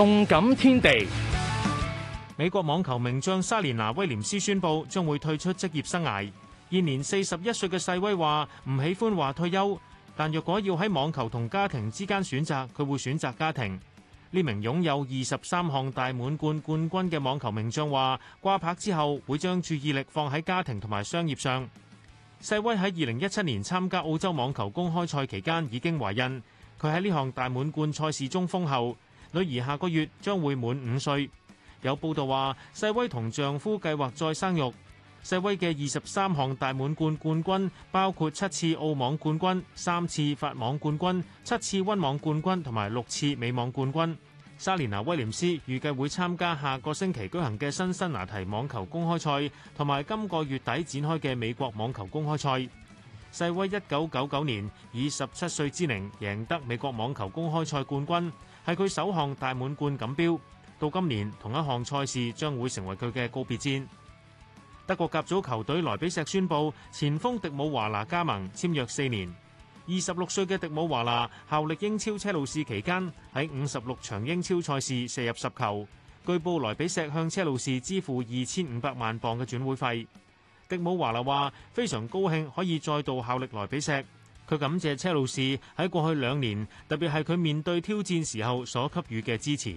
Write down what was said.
動感天地。美國網球名將莎蓮娜威廉斯宣布，將會退出職業生涯。現年四十一歲嘅細威話唔喜歡話退休，但若果要喺網球同家庭之間選擇，佢會選擇家庭。呢名擁有二十三項大滿貫冠軍嘅網球名將話，掛拍之後會將注意力放喺家庭同埋商業上。細威喺二零一七年參加澳洲網球公開賽期間已經懷孕，佢喺呢項大滿貫賽事中封后。女兒下個月將會滿五歲，有報道話，世威同丈夫計劃再生育。世威嘅二十三項大滿貫冠軍包括七次澳網冠軍、三次法網冠軍、七次温網冠軍同埋六次美網冠軍。莎蓮娜威廉斯預計會參加下個星期舉行嘅辛辛拿提網球公開賽，同埋今個月底展開嘅美國網球公開賽。細威一九九九年以十七歲之齡贏得美國網球公開賽冠軍，係佢首項大滿貫錦標，到今年同一項賽事將會成為佢嘅告別戰。德國甲組球隊萊比錫宣布前鋒迪姆華拿加盟，簽約四年。二十六歲嘅迪姆華拿效力英超車路士期間喺五十六場英超賽事射入十球。據報萊比錫向車路士支付二千五百萬磅嘅轉會費。迪姆華拿話：非常高興可以再度效力萊比錫，佢感謝車路士喺過去兩年，特別係佢面對挑戰時候所給予嘅支持。